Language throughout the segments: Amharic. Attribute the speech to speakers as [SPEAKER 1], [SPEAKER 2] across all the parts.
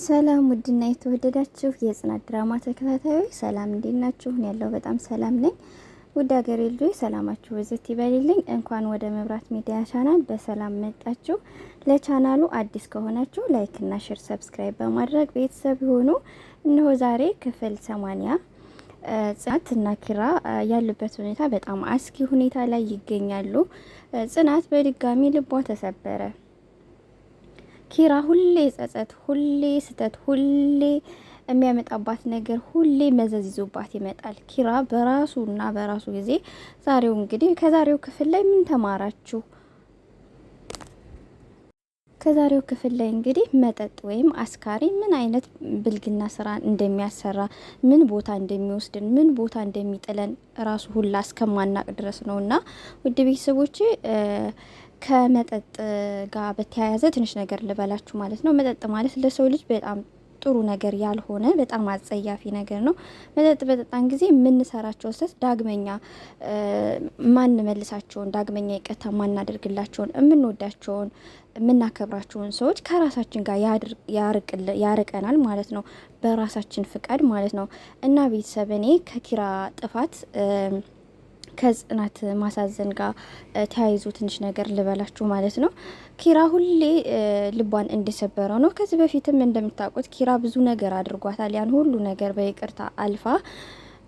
[SPEAKER 1] ሰላም ውድና የተወደዳችሁ የጽናት ድራማ ተከታታዮች ሰላም እንዴት ናችሁ? ያለው በጣም ሰላም ነኝ። ውድ ሀገሬ ልጆች ሰላማችሁ ብዝት ይበልልኝ። እንኳን ወደ መብራት ሚዲያ ቻናል በሰላም መጣችሁ። ለቻናሉ አዲስ ከሆናችሁ ላይክና ሼር፣ ሰብስክራይብ በማድረግ ቤተሰብ የሆኑ እነሆ ዛሬ ክፍል ሰማንያ ጽናት እና ኪራ ያሉበት ሁኔታ በጣም አስኪ ሁኔታ ላይ ይገኛሉ። ጽናት በድጋሚ ልቧ ተሰበረ። ኪራ ሁሌ ጸጸት፣ ሁሌ ስህተት፣ ሁሌ የሚያመጣባት ነገር ሁሌ መዘዝ ይዞባት ይመጣል። ኪራ በራሱ እና በራሱ ጊዜ ዛሬው እንግዲህ ከዛሬው ክፍል ላይ ምን ተማራችሁ? ከዛሬው ክፍል ላይ እንግዲህ መጠጥ ወይም አስካሪ ምን አይነት ብልግና ስራ እንደሚያሰራ ምን ቦታ እንደሚወስድን ምን ቦታ እንደሚጥለን ራሱ ሁላ እስከማናቅ ድረስ ነው እና ውድ ቤተሰቦቼ ከመጠጥ ጋር በተያያዘ ትንሽ ነገር ልበላችሁ ማለት ነው። መጠጥ ማለት ለሰው ልጅ በጣም ጥሩ ነገር ያልሆነ በጣም አጸያፊ ነገር ነው። መጠጥ በጠጣን ጊዜ የምንሰራቸው ስህተት ዳግመኛ ማንመልሳቸውን ዳግመኛ ይቅርታ ማናደርግላቸውን የምንወዳቸውን የምናከብራቸውን ሰዎች ከራሳችን ጋር ያርቀናል ማለት ነው። በራሳችን ፍቃድ ማለት ነው እና ቤተሰብ እኔ ከኪራ ጥፋት ከጽናት ማሳዘን ጋር ተያይዞ ትንሽ ነገር ልበላችሁ ማለት ነው። ኪራ ሁሌ ልቧን እንደሰበረው ነው። ከዚህ በፊትም እንደምታውቁት ኪራ ብዙ ነገር አድርጓታል። ያን ሁሉ ነገር በይቅርታ አልፋ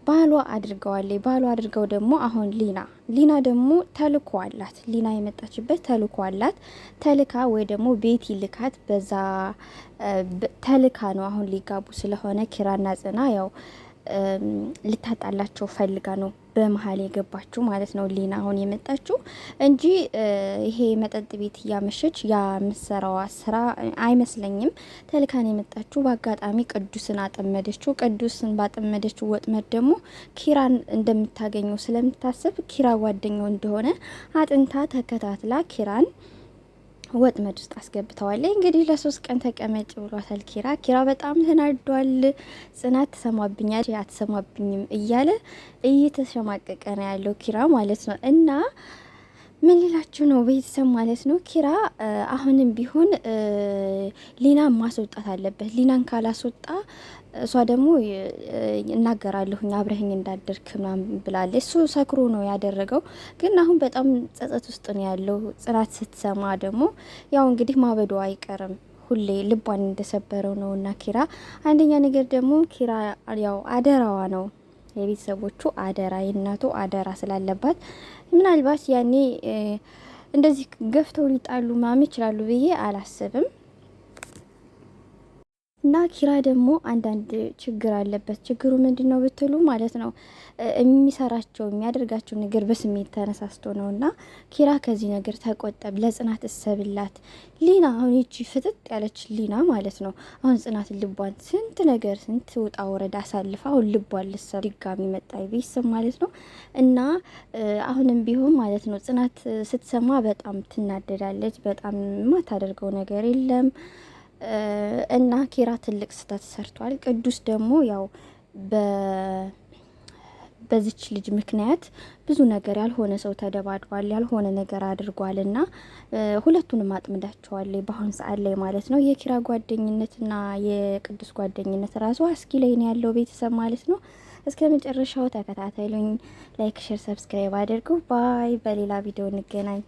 [SPEAKER 1] ባሏ አድርገዋለ ባሏ አድርገው ደግሞ አሁን ሊና ሊና ደግሞ ተልኮ አላት። ሊና የመጣችበት ተልኮ አላት። ተልካ ወይ ደግሞ ቤት ይልካት በዛ ተልካ ነው። አሁን ሊጋቡ ስለሆነ ኪራና ጽና ያው ልታጣላቸው ፈልጋ ነው በመሀል የገባችው ማለት ነው። ሊና አሁን የመጣችው እንጂ ይሄ መጠጥ ቤት እያመሸች የምትሰራዋ ስራ አይመስለኝም። ተልካን የመጣችው በአጋጣሚ ቅዱስን አጠመደችው። ቅዱስን ባጠመደችው ወጥመድ ደግሞ ኪራን እንደምታገኘው ስለምታስብ ኪራ ጓደኛው እንደሆነ አጥንታ ተከታትላ ኪራን ወጥመድ ውስጥ አስገብተዋል። እንግዲህ ለሶስት ቀን ተቀመጭ ብሏታል ኪራ። ኪራ በጣም ተናዷል። ጽናት ትሰማብኛል፣ አትሰማብኝም እያለ እየተሸማቀቀ ነው ያለው ኪራ ማለት ነው እና ምን ሌላችሁ ነው ቤተሰብ ማለት ነው። ኪራ አሁንም ቢሆን ሊናን ማስወጣት አለበት። ሊናን ካላስወጣ እሷ ደግሞ እናገራለሁኝ አብረህኝ እንዳደርክ ምናምን ብላለች። እሱ ሰክሮ ነው ያደረገው፣ ግን አሁን በጣም ጸጸት ውስጥ ነው ያለው። ጽናት ስትሰማ ደግሞ ያው እንግዲህ ማበዶ አይቀርም ሁሌ ልቧን እንደሰበረው ነው እና ኪራ አንደኛ ነገር ደግሞ ኪራ ያው አደራዋ ነው የቤተሰቦቹ አደራ የእናቱ አደራ ስላለባት ምናልባት ያኔ እንደዚህ ገፍተው ሊጣሉ ማም ይችላሉ ብዬ አላስብም። እና ኪራ ደግሞ አንዳንድ ችግር አለበት። ችግሩ ምንድን ነው ብትሉ ማለት ነው የሚሰራቸው የሚያደርጋቸው ነገር በስሜት ተነሳስቶ ነው። እና ኪራ ከዚህ ነገር ተቆጠብ፣ ለጽናት እሰብላት። ሊና አሁን ይቺ ፍጥጥ ያለች ሊና ማለት ነው አሁን ጽናት ልቧን ስንት ነገር ስንት ውጣ ወረድ አሳልፋ አሁን ልቧን ልሰብ ድጋሚ መጣ ቢስም ማለት ነው። እና አሁንም ቢሆን ማለት ነው ጽናት ስትሰማ በጣም ትናደዳለች። በጣም የማታደርገው ነገር የለም እና ኪራ ትልቅ ስህተት ሰርቷል። ቅዱስ ደግሞ ያው በዚች ልጅ ምክንያት ብዙ ነገር ያልሆነ ሰው ተደባድቧል፣ ያልሆነ ነገር አድርጓል። እና ሁለቱንም አጥምዳቸዋል በአሁን ሰዓት ላይ ማለት ነው። የኪራ ጓደኝነትና የቅዱስ ጓደኝነት ራሱ አስጊ ላይ ነው ያለው ቤተሰብ ማለት ነው። እስከ መጨረሻው ተከታተሉኝ። ላይክ፣ ሼር፣ ሰብስክራይብ አድርጉ። ባይ። በሌላ ቪዲዮ እንገናኝ።